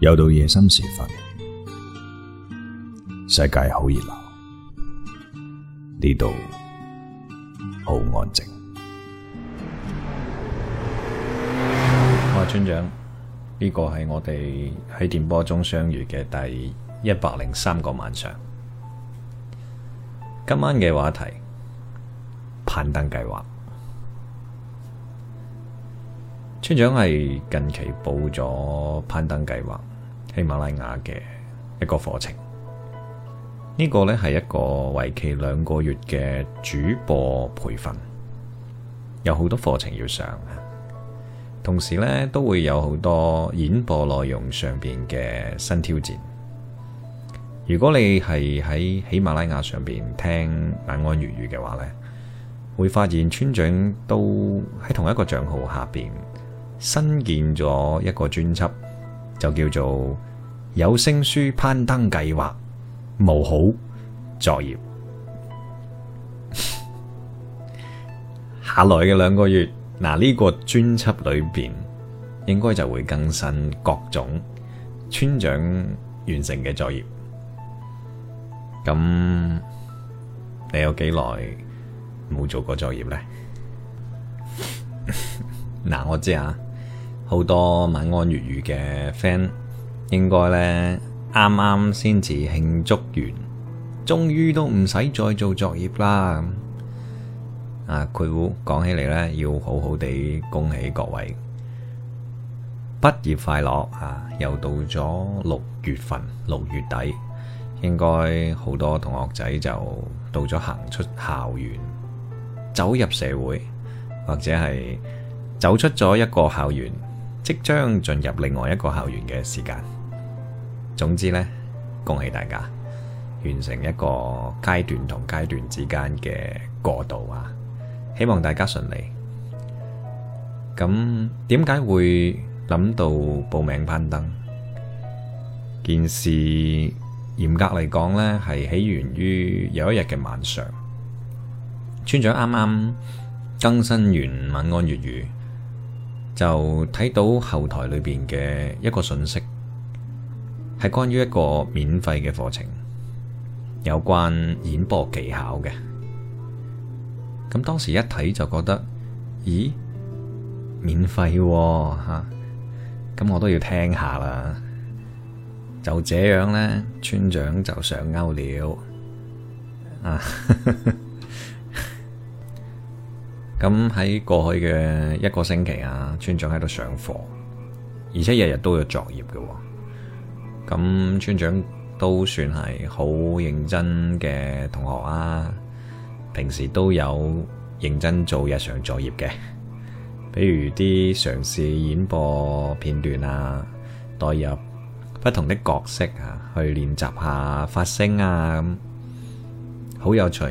又到夜深時分，世界好熱鬧，呢度好安靜。我係村長，呢個係我哋喺電波中相遇嘅第一百零三個晚上。今晚嘅話題，攀登計劃。村長係近期報咗攀登計劃。喜馬拉雅嘅一個課程，呢個呢係一個為期兩個月嘅主播培訓，有好多課程要上，同時呢都會有好多演播內容上邊嘅新挑戰。如果你係喺喜馬拉雅上邊聽晚安粵語嘅話呢，會發現村長都喺同一個賬號下邊新建咗一個專輯，就叫做。有聲書攀登計劃，無好作業。 下來嘅兩個月，嗱、這、呢個專輯裏邊應該就會更新各種村長完成嘅作業。咁你有幾耐冇做過作業咧？嗱， 我知啊，好多晚安粵語嘅 friend。應該呢，啱啱先至慶祝完，終於都唔使再做作業啦咁。啊，佢講起嚟呢，要好好地恭喜各位，畢業快樂嚇、啊！又到咗六月份，六月底應該好多同學仔就到咗行出校園，走入社會，或者係走出咗一個校園，即將進入另外一個校園嘅時間。總之呢，恭喜大家完成一個階段同階段之間嘅過渡啊！希望大家順利。咁點解會諗到報名攀登件事？嚴格嚟講呢係起源於有一日嘅晚上，村長啱啱更新完晚安粵語，就睇到後台裏邊嘅一個信息。係關於一個免費嘅課程，有關演播技巧嘅。咁當時一睇就覺得，咦，免費吓，啊，咁，啊，我都要聽下啦。就這樣呢，村長就上勾了。啊，咁 喺過去嘅一個星期啊，村長喺度上課，而且日日都有作業嘅，啊。咁村長都算係好認真嘅同學啊，平時都有認真做日常作業嘅，比如啲嘗試演播片段啊，代入不同的角色啊，去練習下發聲啊，咁好有趣，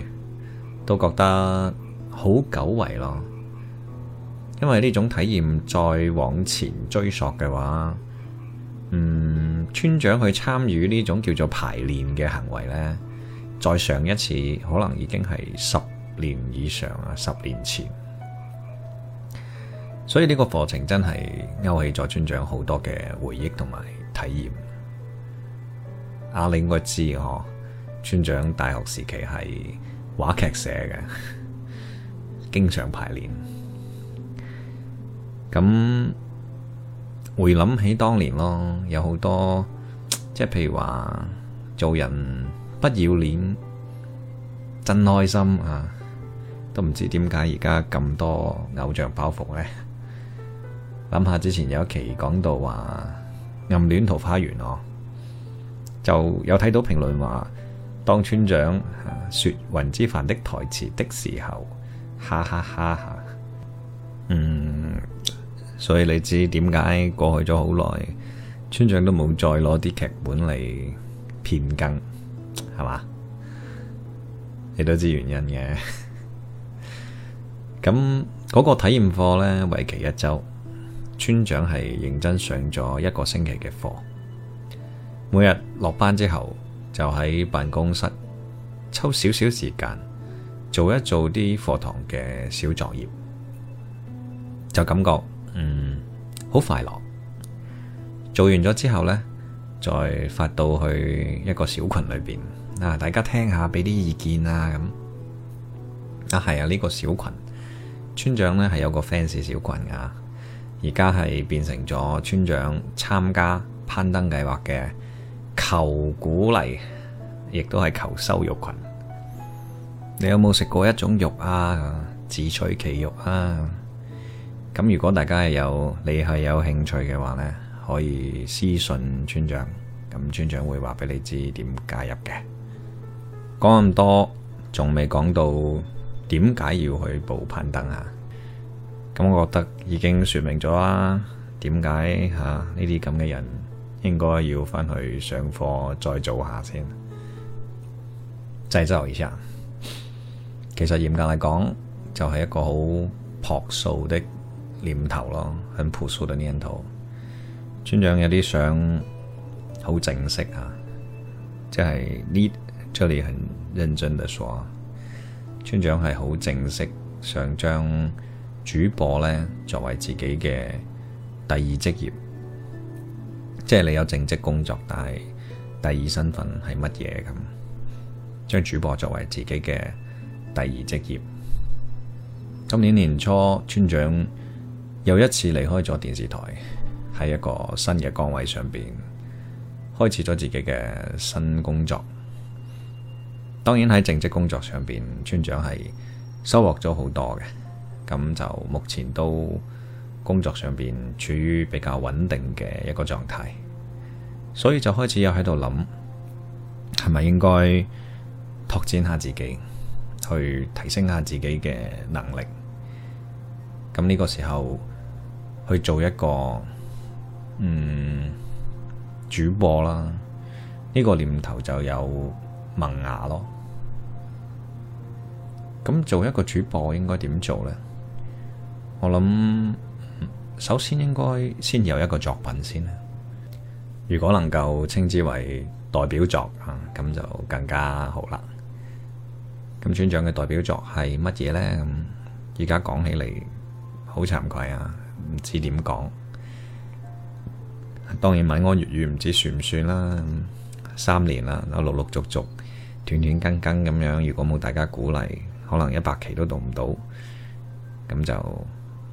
都覺得好久違咯，因為呢種體驗再往前追溯嘅話。嗯，村長去參與呢種叫做排練嘅行為咧，再上一次可能已經係十年以上啦，十年前。所以呢個課程真係勾起咗村長好多嘅回憶同埋體驗。阿、啊、你應該知哦，村長大學時期係話劇社嘅，經常排練。咁。回諗起當年咯，有好多即係譬如話做人不要臉，真開心啊！都唔知點解而家咁多偶像包袱咧。諗下之前有一期講到話暗戀桃花源哦、啊，就有睇到評論話，當村長、啊、說雲之凡的台詞的時候，哈哈哈哈！嗯。所以你知點解過去咗好耐，村長都冇再攞啲劇本嚟騙更，係嘛？你都知原因嘅。咁 嗰、那個體驗課咧，為期一周，村長係認真上咗一個星期嘅課，每日落班之後就喺辦公室抽少少時間做一做啲課堂嘅小作業，就感覺。嗯，好快樂。做完咗之後呢，再發到去一個小群裏邊啊，大家聽下，俾啲意見啊咁、嗯。啊係啊，呢、這個小群，村長呢係有個 fans 小群噶，而家係變成咗村長參加攀登計劃嘅求鼓勵，亦都係求收肉群。你有冇食過一種肉啊？自取其肉啊！咁如果大家係有你係有興趣嘅話呢，可以私信村長，咁村長會話俾你知點加入嘅。講咁多，仲未講到點解要去報攀登啊？咁我覺得已經説明咗啦，啊，點解嚇呢啲咁嘅人應該要返去上課再做下先，製造一下。其實嚴格嚟講，就係、是、一個好樸素的。念頭咯，很樸素的念頭。村長有啲想好正式啊，即係呢，這裏很認真的說，村長係好正式，想將主播呢作為自己嘅第二職業，即係你有正職工作，但係第二身份係乜嘢咁，將主播作為自己嘅第二職業。今年年初，村長。又一次離開咗電視台，喺一個新嘅崗位上邊開始咗自己嘅新工作。當然喺正職工作上邊，村長係收穫咗好多嘅。咁就目前都工作上邊處於比較穩定嘅一個狀態，所以就開始又喺度諗，係咪應該拓展下自己，去提升下自己嘅能力？咁呢個時候。去做一個嗯主播啦，呢個念頭就有萌芽咯。咁做一個主播應該點做呢？我諗首先應該先有一個作品先，如果能夠稱之為代表作啊，咁就更加好啦。咁村長嘅代表作係乜嘢呢？咧？而家講起嚟好慚愧啊！唔知點講，當然晚安粵語唔知算唔算啦，三年啦，我陸陸陸續續斷斷更更咁樣，如果冇大家鼓勵，可能一百期都讀唔到，咁就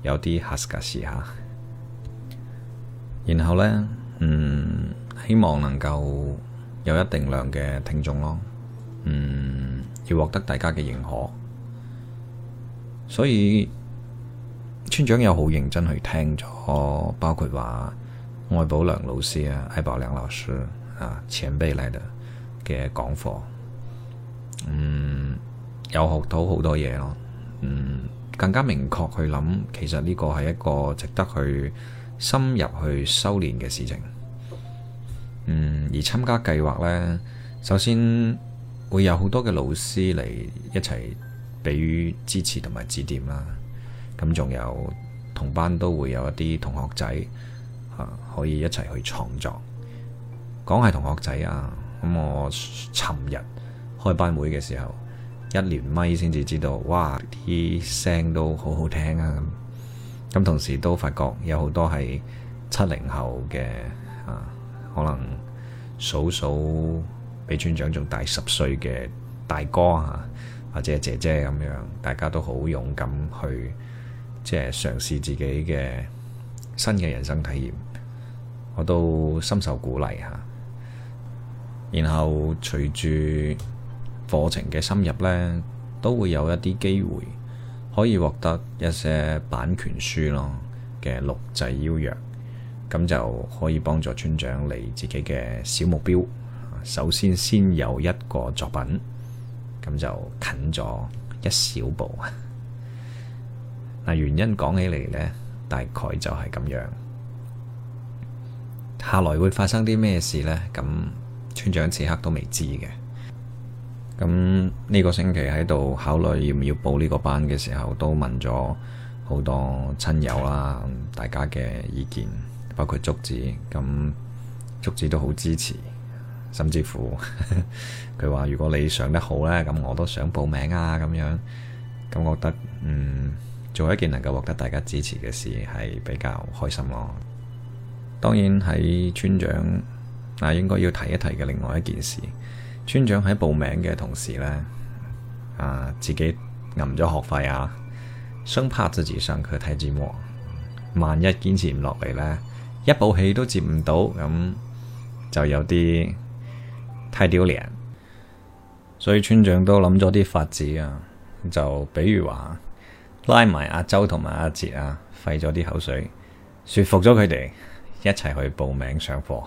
有啲 h u 事下，然後呢，嗯，希望能夠有一定量嘅聽眾咯，嗯，要獲得大家嘅認可，所以。村長又好認真去聽咗，包括話愛寶良老師啊、愛寶良老師啊前輩嚟的嘅講課，嗯，有學到好多嘢咯，嗯，更加明確去諗，其實呢個係一個值得去深入去修煉嘅事情，嗯，而參加計劃呢，首先會有好多嘅老師嚟一齊俾支持同埋指點啦。咁仲有同班都會有一啲同學仔嚇、啊，可以一齊去創作。講係同學仔啊！咁我尋日開班會嘅時候，一連咪先至知道，哇！啲聲都好好聽啊！咁、啊、咁同時都發覺有好多係七零後嘅嚇、啊，可能數數比村長仲大十歲嘅大哥啊，或者姐姐咁樣，大家都好勇敢去。即係嘗試自己嘅新嘅人生體驗，我都深受鼓勵嚇。然後隨住課程嘅深入咧，都會有一啲機會可以獲得一些版權書咯嘅錄製邀約，咁就可以幫助村長嚟自己嘅小目標。首先先有一個作品，咁就近咗一小步。但原因講起嚟呢，大概就係咁樣。下來會發生啲咩事呢？咁村長此刻都未知嘅。咁呢個星期喺度考慮要唔要報呢個班嘅時候，都問咗好多親友啦，大家嘅意見，包括竹子咁，竹子都好支持，甚至乎佢話： 如果你上得好呢，咁我都想報名啊。咁樣咁我覺得，嗯。做一件能夠獲得大家支持嘅事，係比較開心咯。當然喺村長啊，應該要提一提嘅，另外一件事，村長喺報名嘅同時咧，啊自己揞咗學費啊，生怕自己上去睇住摸，萬一堅持唔落嚟咧，一部戲都接唔到，咁就有啲太丟臉。所以村長都諗咗啲法子啊，就比如話。拉埋阿周同埋阿哲啊，費咗啲口水，說服咗佢哋一齊去報名上課。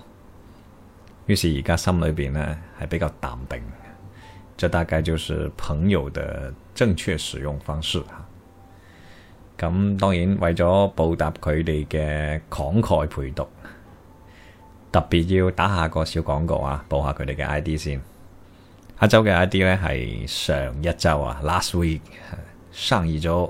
於是而家心裏邊呢係比較淡定，這大概就是朋友的正確使用方式啊！咁當然為咗報答佢哋嘅慷慨陪讀，特別要打下個小廣告啊，報下佢哋嘅 ID 先。阿周嘅 ID 呢，係上一周啊，last week 生意咗。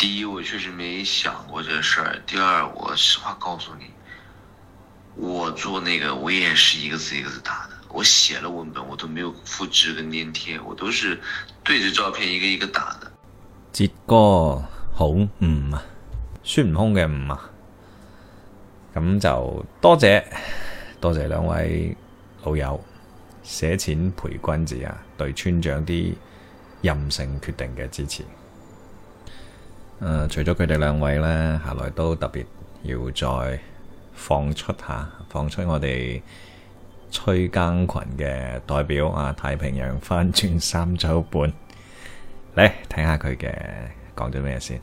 第一，我確實沒想過這事兒。第二，我實話告訴你，我做那個我也是一個字一個字打的。我寫了文本，我都沒有複製跟粘貼，我都是對着照片一個一個打的。傑哥好，嗯，啊？孫悟空嘅，嗯，啊？咁就多謝多謝兩位老友，捨錢陪君子啊，對村長啲任性決定嘅支持。嗯，除咗佢哋兩位呢，下來都特別要再放出下，放出我哋催更群嘅代表啊，太平洋翻轉三周半，嚟睇下佢嘅講咗咩先。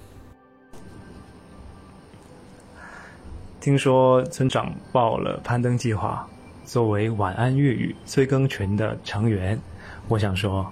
聽說村長報了攀登計劃，作為晚安粵語催更群的成員，我想說。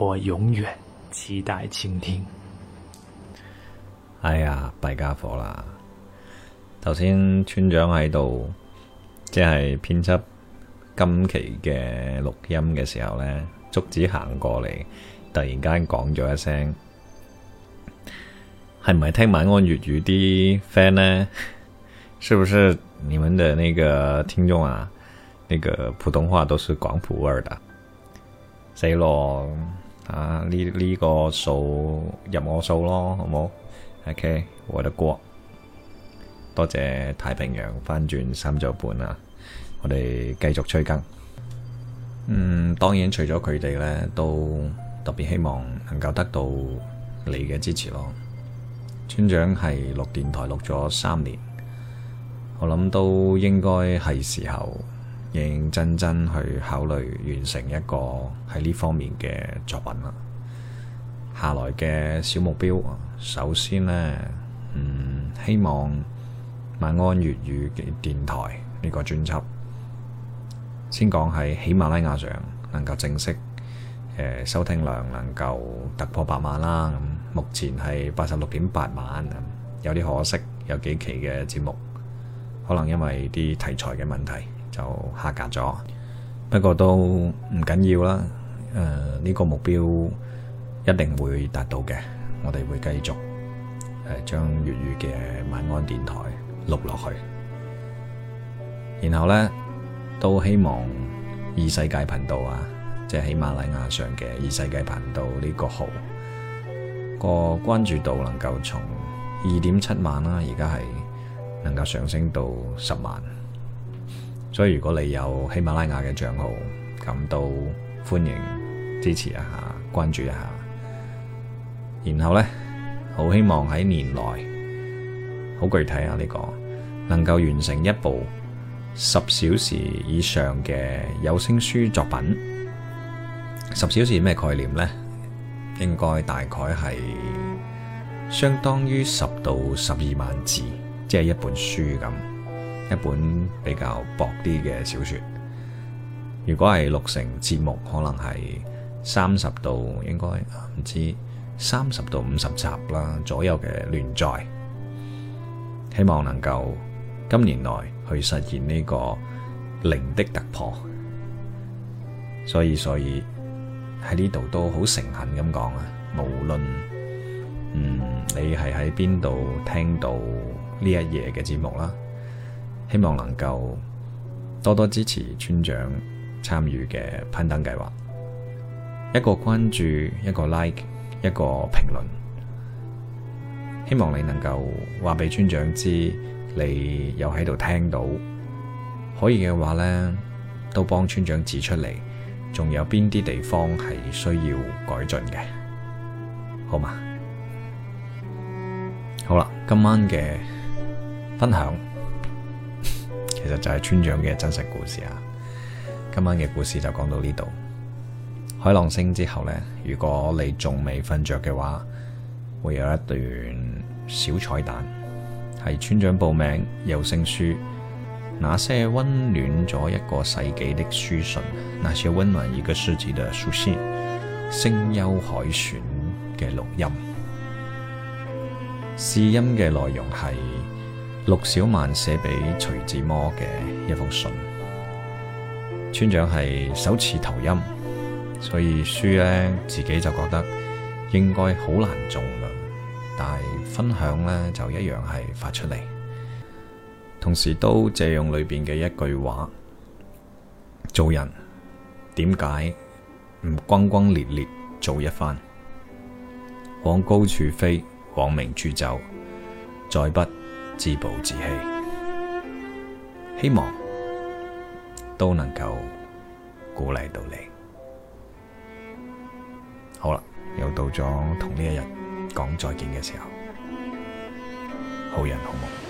我永遠期待傾聽。哎呀，弊家伙啦！頭先村長喺度，即係編輯今期嘅錄音嘅時候咧，竹子行過嚟，突然間講咗一聲，係咪聽晚安粵語啲 friend 呢？ 是不是你們的那個聽眾啊？那、這個普通話都是廣普味兒的，死咯？啊！呢呢、呢個數入我數咯，好冇？OK，我的歌，多謝太平洋翻轉三周半啊！我哋繼續吹更。嗯，當然除咗佢哋咧，都特別希望能夠得到你嘅支持咯。村長係錄電台錄咗三年，我諗都應該係時候。認認真真去考慮完成一個喺呢方面嘅作品啦。下來嘅小目標，首先呢，嗯，希望晚安粵語嘅電台呢、這個專輯先講係喜馬拉雅上能夠正式誒、呃、收聽量能夠突破百萬啦。咁目前係八十六點八萬，有啲可惜，有幾期嘅節目可能因為啲題材嘅問題。就下架咗，不過都唔緊要啦。誒、呃，呢、這個目標一定會達到嘅。我哋會繼續誒、呃，將粵語嘅晚安電台錄落去。然後咧，都希望二世界頻道啊，即係喜馬拉雅上嘅二世界頻道呢個號個關注度能夠從二點七萬啦，而家係能夠上升到十萬。所以如果你有喜馬拉雅嘅帳號，咁都歡迎支持一下、關注一下。然後咧，好希望喺年內，好具體啊呢個能夠完成一部十小時以上嘅有聲書作品。十小時咩概念咧？應該大概係相當於十到十二萬字，即係一本書咁。一本比較薄啲嘅小說，如果係六成節目，可能係三十到應該唔、啊、知三十到五十集啦左右嘅連載，希望能夠今年內去實現呢個零的突破。所以所以喺呢度都好誠懇咁講啊，無論嗯你係喺邊度聽到呢一夜嘅節目啦。希望能夠多多支持村長參與嘅攀登計劃，一個關注，一個 like，一個評論，希望你能夠話俾村長知，你又喺度聽到，可以嘅話呢，都幫村長指出嚟，仲有邊啲地方係需要改進嘅，好嘛？好啦，今晚嘅分享。其實就係村長嘅真實故事啊！今晚嘅故事就講到呢度。海浪聲之後呢，如果你仲未瞓着嘅話，會有一段小彩蛋，係村長報名有聲書。那些溫暖咗一個世紀的書信，那些溫暖一個世紀的書信，聲優海選嘅錄音。試音嘅內容係。陸小曼寫俾徐志摩嘅一封信，村長係首次投音，所以書呢自己就覺得應該好難做噶但係分享呢就一樣係發出嚟，同時都借用裏邊嘅一句話，做人點解唔轟轟烈烈做一番，往高處飛，往明處走，再不自暴自棄，希望都能夠鼓勵到你。好啦，又到咗同呢一日講再見嘅時候，好人好夢。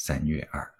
三月二。